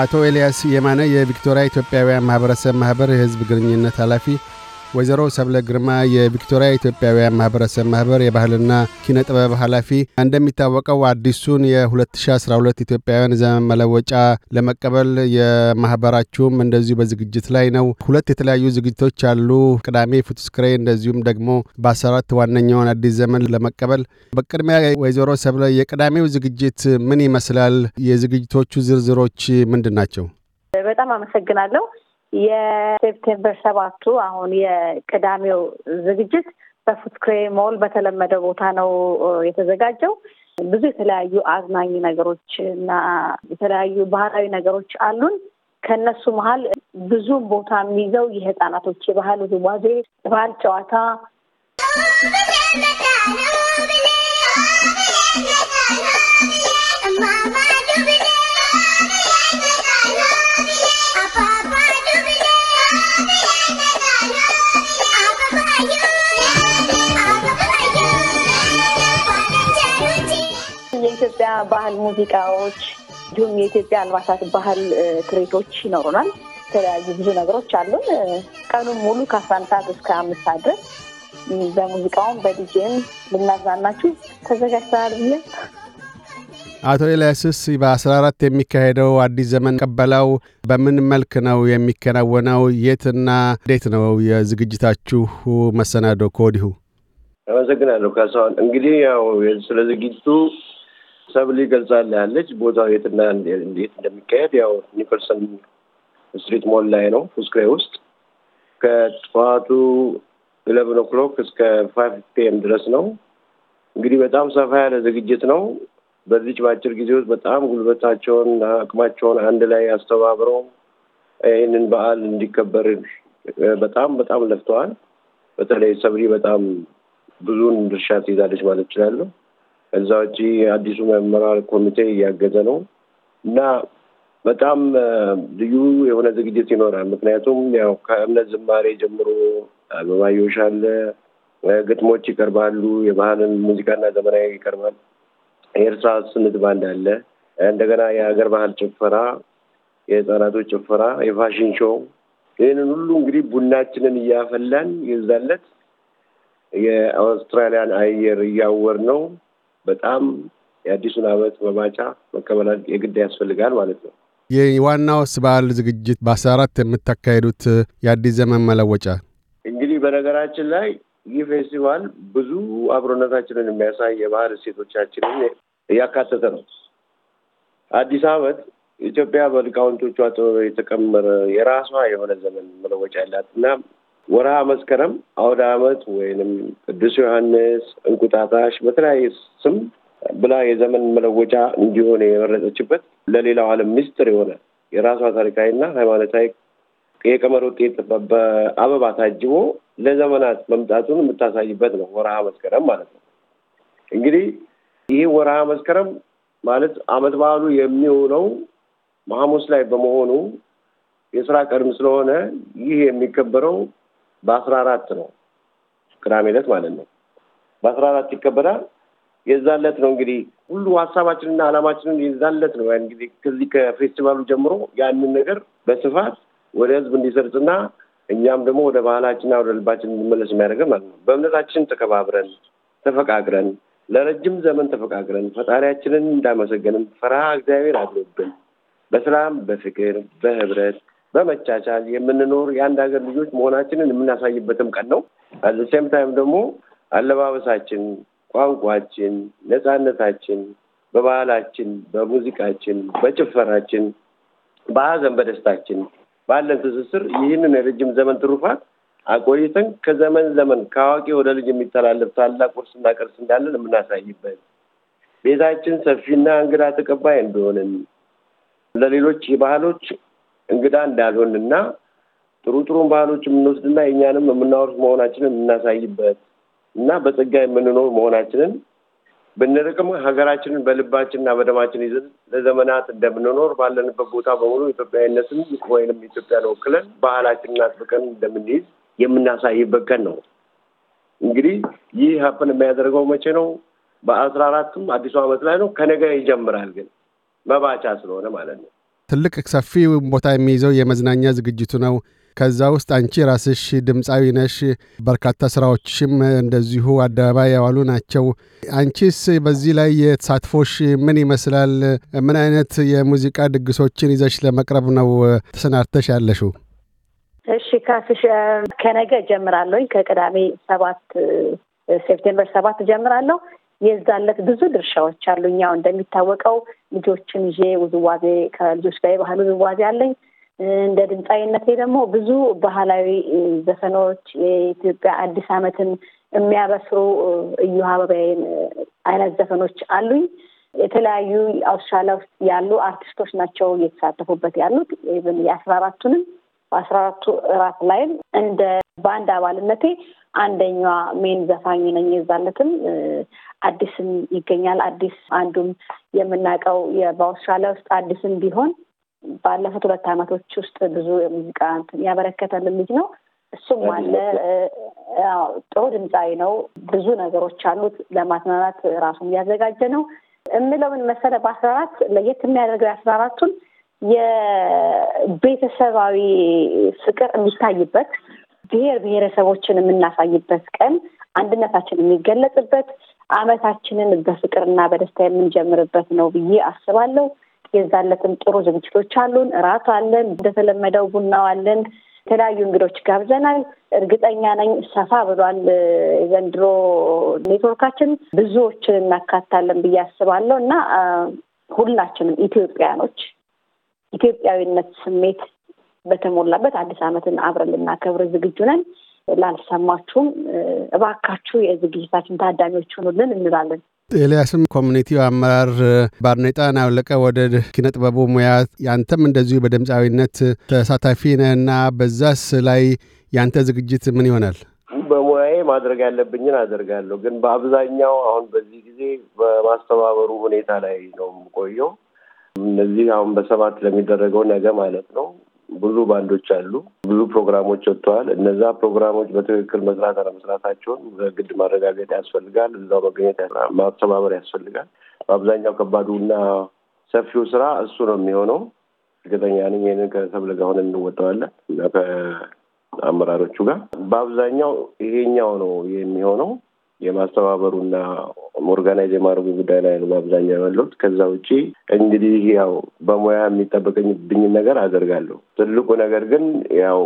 አቶ ኤልያስ የማነ የቪክቶሪያ ኢትዮጵያውያን ማህበረሰብ ማህበር የህዝብ ግንኙነት ኃላፊ ወይዘሮ ሰብለ ግርማ የቪክቶሪያ ኢትዮጵያውያን ማህበረሰብ ማህበር የባህልና ኪነ ጥበብ ኃላፊ፣ እንደሚታወቀው አዲሱን የ2012 ኢትዮጵያውያን ዘመን መለወጫ ለመቀበል የማህበራችሁም እንደዚሁ በዝግጅት ላይ ነው። ሁለት የተለያዩ ዝግጅቶች አሉ። ቅዳሜ ፉትስክሬ፣ እንደዚሁም ደግሞ በ14 ዋነኛውን አዲስ ዘመን ለመቀበል። በቅድሚያ ወይዘሮ ሰብለ የቅዳሜው ዝግጅት ምን ይመስላል? የዝግጅቶቹ ዝርዝሮች ምንድን ናቸው? በጣም አመሰግናለሁ። የሴፕቴምበር ሰባቱ አሁን የቅዳሜው ዝግጅት በፉትክሬ ሞል በተለመደ ቦታ ነው የተዘጋጀው። ብዙ የተለያዩ አዝናኝ ነገሮች እና የተለያዩ ባህላዊ ነገሮች አሉን። ከእነሱ መሀል ብዙ ቦታ የሚይዘው የህፃናቶች የባህል ውዝዋዜ፣ የባህል ጨዋታ የኢትዮጵያ ባህል ሙዚቃዎች እንዲሁም የኢትዮጵያ አልባሳት ባህል ትርኢቶች ይኖሩናል። የተለያዩ ብዙ ነገሮች አሉን። ቀኑን ሙሉ ከአስራ አንድ ሰዓት እስከ አምስት ሰዓት ድረስ በሙዚቃውም በዲጄም ልናዝናናችሁ ተዘጋጅተናል ብዬ አቶ ኤልያስስ በአስራ አራት የሚካሄደው አዲስ ዘመን ቀበላው በምን መልክ ነው የሚከናወነው? የትና እንዴት ነው የዝግጅታችሁ መሰናዶ ከወዲሁ? አመሰግናለሁ ካሳሁን። እንግዲህ ያው ስለ ዝግጅቱ ሰብል ያለች ቦታው የትና እንዴት እንደሚካሄድ ያው ኒኮልሰን ስትሪት ሞል ላይ ነው ፉስክሬ ውስጥ ከጠዋቱ ኢለቨን ኦክሎክ እስከ ፋይቭ ፒኤም ድረስ ነው። እንግዲህ በጣም ሰፋ ያለ ዝግጅት ነው። በዚች በአጭር ጊዜ ውስጥ በጣም ጉልበታቸውን አቅማቸውን አንድ ላይ አስተባብረው ይህንን በዓል እንዲከበር በጣም በጣም ለፍተዋል። በተለይ ሰብሪ በጣም ብዙን ድርሻ ትይዛለች ማለት ይችላለሁ ከዛ ውጪ አዲሱ መመራር ኮሚቴ እያገዘ ነው እና በጣም ልዩ የሆነ ዝግጅት ይኖራል። ምክንያቱም ያው ከእምነት ዝማሬ ጀምሮ አበባዮሽ አለ፣ ግጥሞች ይቀርባሉ፣ የባህልን ሙዚቃና ዘመናዊ ይቀርባል፣ የእርሳስ ስንት ባንድ አለ፣ እንደገና የሀገር ባህል ጭፈራ፣ የህፃናቶች ጭፈራ፣ የፋሽን ሾው ይህንን ሁሉ እንግዲህ ቡናችንን እያፈላን የዛለት የአውስትራሊያን አየር እያወር ነው በጣም የአዲሱን ዓመት መባጫ መቀበል የግድ ያስፈልጋል ማለት ነው። የዋናው በዓል ዝግጅት በአስራ አራት የምታካሄዱት የአዲስ ዘመን መለወጫ እንግዲህ በነገራችን ላይ ይህ ፌስቲቫል ብዙ አብሮነታችንን የሚያሳይ የባህል እሴቶቻችንን እያካተተ ነው። አዲስ ዓመት ኢትዮጵያ በሊቃውንቶቿ ጥበብ የተቀመረ የራሷ የሆነ ዘመን መለወጫ ያላት እና ወርሃ መስከረም አውደ ዓመት ወይንም ቅዱስ ዮሐንስ፣ እንቁጣጣሽ በተለያየ ስም ብላ የዘመን መለወጫ እንዲሆን የመረጠችበት ለሌላው ዓለም ሚስጥር የሆነ የራሷ ታሪካዊና ሃይማኖታዊ የቀመር ውጤት በአበባ ታጅቦ ለዘመናት መምጣቱን የምታሳይበት ነው ወርሃ መስከረም ማለት ነው። እንግዲህ ይህ ወርሃ መስከረም ማለት ዓመት በዓሉ የሚውለው ሐሙስ ላይ በመሆኑ የስራ ቀድም ስለሆነ ይህ የሚከበረው በአስራ አራት ነው ቅዳሜ ዕለት ማለት ነው። በአስራ አራት ይከበራል። የዛለት ነው እንግዲህ ሁሉ ሀሳባችንና አላማችንን የዛለት ነው ያን ጊዜ ከዚህ ከፌስቲቫሉ ጀምሮ ያንን ነገር በስፋት ወደ ህዝብ እንዲሰርጽና እኛም ደግሞ ወደ ባህላችንና ወደ ልባችን እንዲመለስ የሚያደርገን ማለት ነው። በእምነታችን ተከባብረን ተፈቃቅረን ለረጅም ዘመን ተፈቃቅረን ፈጣሪያችንን እንዳመሰገንም ፈረሃ እግዚአብሔር አድሮብን በሰላም በፍቅር በህብረት በመቻቻል የምንኖር የአንድ ሀገር ልጆች መሆናችንን የምናሳይበትም ቀን ነው። ሴም ታይም ደግሞ አለባበሳችን፣ ቋንቋችን፣ ነፃነታችን፣ በባህላችን፣ በሙዚቃችን፣ በጭፈራችን፣ በሀዘን በደስታችን ባለን ትስስር ይህንን የረጅም ዘመን ትሩፋት አቆይተን ከዘመን ዘመን ከአዋቂ ወደ ልጅ የሚተላለፍ ታላቅ ውርስና ቅርስ እንዳለን የምናሳይበት ቤታችን ሰፊና እንግዳ ተቀባይ እንደሆንን ለሌሎች ባህሎች እንግዳ እንዳልሆን እና ጥሩ ጥሩን ባህሎች የምንወስድና የእኛንም የምናወርስ መሆናችንን የምናሳይበት እና በጸጋ የምንኖር መሆናችንን ብንርቅም ሀገራችንን በልባችን ና በደማችን ይዘን ለዘመናት እንደምንኖር ባለንበት ቦታ በሙሉ ኢትዮጵያዊነትን ወይንም ኢትዮጵያን ወክለን ባህላችንን አጥብቀን እንደምንይዝ የምናሳይበት ቀን ነው። እንግዲህ ይህ ሀፕን የሚያደርገው መቼ ነው? በአስራ አራቱም አዲሱ ዓመት ላይ ነው። ከነገ ይጀምራል ግን መባቻ ስለሆነ ማለት ነው። ትልቅ ሰፊ ቦታ የሚይዘው የመዝናኛ ዝግጅቱ ነው። ከዛ ውስጥ አንቺ ራስሽ ድምፃዊ ነሽ። በርካታ ስራዎችሽም እንደዚሁ አደባባይ ያዋሉ ናቸው። አንቺስ በዚህ ላይ የተሳትፎሽ ምን ይመስላል? ምን አይነት የሙዚቃ ድግሶችን ይዘሽ ለመቅረብ ነው ተሰናድተሽ ያለሽው? እሺ ካስሽ ከነገ ጀምራለሁኝ ከቅዳሜ ሰባት ሴፕቴምበር ሰባት ጀምራለሁ የዛለት ብዙ ድርሻዎች አሉኝ። ያው እንደሚታወቀው ልጆችን ይዤ ውዝዋዜ ከልጆች ጋር የባህል ውዝዋዜ አለኝ። እንደ ድምፃዊነቴ ደግሞ ብዙ ባህላዊ ዘፈኖች የኢትዮጵያ አዲስ ዓመትን የሚያበስሩ እዩ አበባዬን አይነት ዘፈኖች አሉኝ። የተለያዩ አውስትራሊያ ውስጥ ያሉ አርቲስቶች ናቸው እየተሳተፉበት ያሉት። የአስራ አራቱንም በአስራ አራቱ እራት ላይም እንደ በአንድ አባልነቴ አንደኛዋ ሜን ዘፋኝ ነኝ። የዛለትም አዲስም ይገኛል። አዲስ አንዱም የምናውቀው በአውስትራሊያ ውስጥ አዲስም ቢሆን ባለፉት ሁለት ዓመቶች ውስጥ ብዙ የሙዚቃ ያበረከተልን ልጅ ነው። እሱም አለ። ጥሩ ድምፃዊ ነው። ብዙ ነገሮች አሉት። ለማዝናናት ራሱን እያዘጋጀ ነው። እምለው ምን መሰለህ፣ በአስራ አራት ለየት የሚያደርገው የአስራ አራቱን የቤተሰባዊ ፍቅር የሚታይበት ብሔር ብሔረሰቦችን የምናሳይበት ቀን፣ አንድነታችን የሚገለጽበት አመታችንን በፍቅርና በደስታ የምንጀምርበት ነው ብዬ አስባለሁ። የዛለትም ጥሩ ዝግጅቶች አሉን። እራት አለን፣ እንደተለመደው ቡናው አለን። የተለያዩ እንግዶች ጋብዘናል። እርግጠኛ ነኝ ሰፋ ብሏል የዘንድሮ ኔትወርካችን፣ ብዙዎችን እናካታለን ብዬ አስባለሁ እና ሁላችንም ኢትዮጵያኖች ኢትዮጵያዊነት ስሜት በተሞላበት አዲስ ዓመትን አብረን ልናከብር ዝግጁ ነን። ላልሰማችሁም እባካችሁ የዝግጅታችን ታዳሚዎች ሆኑልን እንላለን። ኤልያስም ኮሚኒቲው አመራር ባርኔጣ ናውለቀ ወደ ኪነ ጥበቡ ሙያ ያንተም እንደዚሁ በድምፃዊነት ተሳታፊ እና በዛስ ላይ ያንተ ዝግጅት ምን ይሆናል? በሙያዬ ማድረግ ያለብኝን አደርጋለሁ። ግን በአብዛኛው አሁን በዚህ ጊዜ በማስተባበሩ ሁኔታ ላይ ነው የምቆየው። እነዚህ አሁን በሰባት ለሚደረገው ነገ ማለት ነው ብዙ ባንዶች አሉ። ብዙ ፕሮግራሞች ወጥተዋል። እነዛ ፕሮግራሞች በትክክል መስራት አለመስራታቸውን በግድ ማረጋገጥ ያስፈልጋል። እዛው መገኘት ማስተባበር ያስፈልጋል። በአብዛኛው ከባዱ እና ሰፊው ስራ እሱ ነው የሚሆነው። እርግጠኛ ነኝ ይህንን ከተብለ ጋር ሆነን እንወጠዋለን እና ከአመራሮቹ ጋር በአብዛኛው ይሄኛው ነው የሚሆነው የማስተባበሩና ኦርጋናይዝ የማድረጉ ጉዳይ ላይ ነው በአብዛኛው ያለሁት። ከዛ ውጪ እንግዲህ ያው በሙያ የሚጠበቀኝብኝን ነገር አደርጋለሁ። ትልቁ ነገር ግን ያው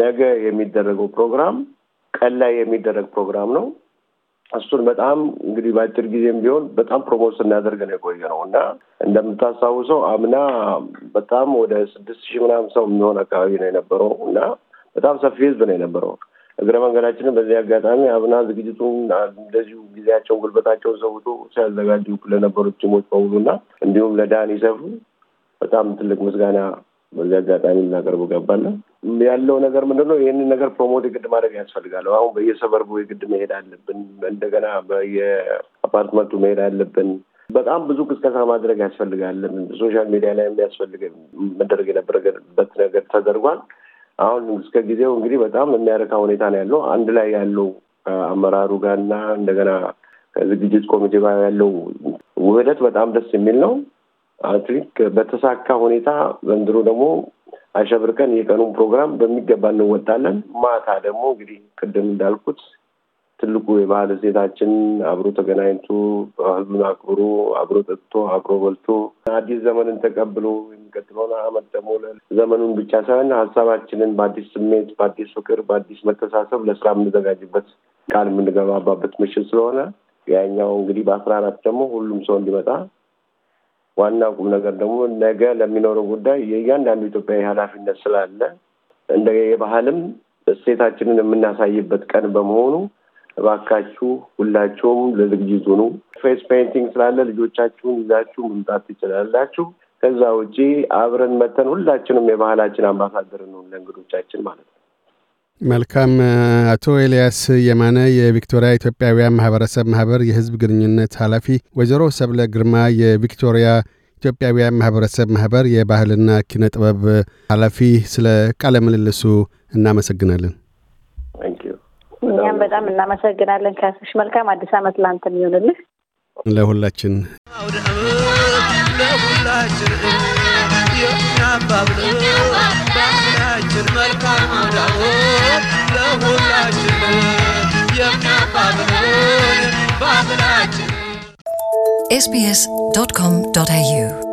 ነገ የሚደረገው ፕሮግራም ቀን ላይ የሚደረግ ፕሮግራም ነው። እሱን በጣም እንግዲህ በአጭር ጊዜም ቢሆን በጣም ፕሮሞት ስናደርግ ነው የቆየ ነው እና እንደምታስታውሰው አምና በጣም ወደ ስድስት ሺህ ምናምን ሰው የሚሆን አካባቢ ነው የነበረው እና በጣም ሰፊ ህዝብ ነው የነበረው። እግረ መንገዳችንን በዚህ አጋጣሚ አብና ዝግጅቱን እንደዚሁ ጊዜያቸውን ጉልበታቸውን ሰውቶ ሲያዘጋጁ ለነበሩት ቲሞች በሙሉና እንዲሁም ለዳን ይሰፉ በጣም ትልቅ ምስጋና በዚህ አጋጣሚ ልናቀርቡ ገባለን። ያለው ነገር ምንድነው ይህን ይህንን ነገር ፕሮሞት የግድ ማድረግ ያስፈልጋል። አሁን በየሰበርቡ የግድ መሄድ አለብን። እንደገና በየአፓርትመንቱ መሄድ አለብን። በጣም ብዙ ቅስቀሳ ማድረግ ያስፈልጋለን። ሶሻል ሚዲያ ላይ የሚያስፈልግ መደረግ የነበረበት ነገር ተደርጓል። አሁን እስከ ጊዜው እንግዲህ በጣም የሚያረካ ሁኔታ ነው ያለው። አንድ ላይ ያለው አመራሩ ጋርና እንደገና ከዝግጅት ኮሚቴ ጋር ያለው ውህደት በጣም ደስ የሚል ነው። አትሊክ በተሳካ ሁኔታ ዘንድሮ ደግሞ አሸብርቀን የቀኑን ፕሮግራም በሚገባ እንወጣለን። ማታ ደግሞ እንግዲህ ቅድም እንዳልኩት ትልቁ የባህል እሴታችን አብሮ ተገናኝቶ ህዝቡን አክብሮ አብሮ ጠጥቶ አብሮ በልቶ አዲስ ዘመንን ተቀብሎ የሚቀጥለውን አመት ደግሞ ዘመኑን ብቻ ሳይሆን ሀሳባችንን በአዲስ ስሜት፣ በአዲስ ፍቅር፣ በአዲስ መተሳሰብ ለስራ የምንዘጋጅበት ቃል የምንገባባበት ምሽት ስለሆነ ያኛው እንግዲህ በአስራ አራት ደግሞ ሁሉም ሰው እንዲመጣ ዋና ቁም ነገር ደግሞ ነገ ለሚኖረው ጉዳይ የእያንዳንዱ ኢትዮጵያዊ ኃላፊነት ስላለ እንደ የባህልም እሴታችንን የምናሳይበት ቀን በመሆኑ እባካችሁ ሁላችሁም ለዝግጅቱ ኑ። ፌስ ፔይንቲንግ ስላለ ልጆቻችሁን ይዛችሁ መምጣት ትችላላችሁ። ከዛ ውጪ አብረን መተን ሁላችንም የባህላችን አምባሳደር ነው ለእንግዶቻችን ማለት ነው። መልካም። አቶ ኤልያስ የማነ የቪክቶሪያ ኢትዮጵያውያን ማህበረሰብ ማህበር የህዝብ ግንኙነት ኃላፊ፣ ወይዘሮ ሰብለ ግርማ የቪክቶሪያ ኢትዮጵያውያን ማህበረሰብ ማህበር የባህልና ኪነ ጥበብ ኃላፊ፣ ስለ ቃለ ምልልሱ እናመሰግናለን። እኛም በጣም እናመሰግናለን ካስሽ። መልካም አዲስ ዓመት ላንተ የሚሆንልህ ለሁላችን። ባምናችን የሚያባብሎ ባምናችን መልካም ዳቦ ለሁላችን የሚያባብሎን ባምናችን ኤስቢኤስ ዶት ኮም ዶት ኤዩ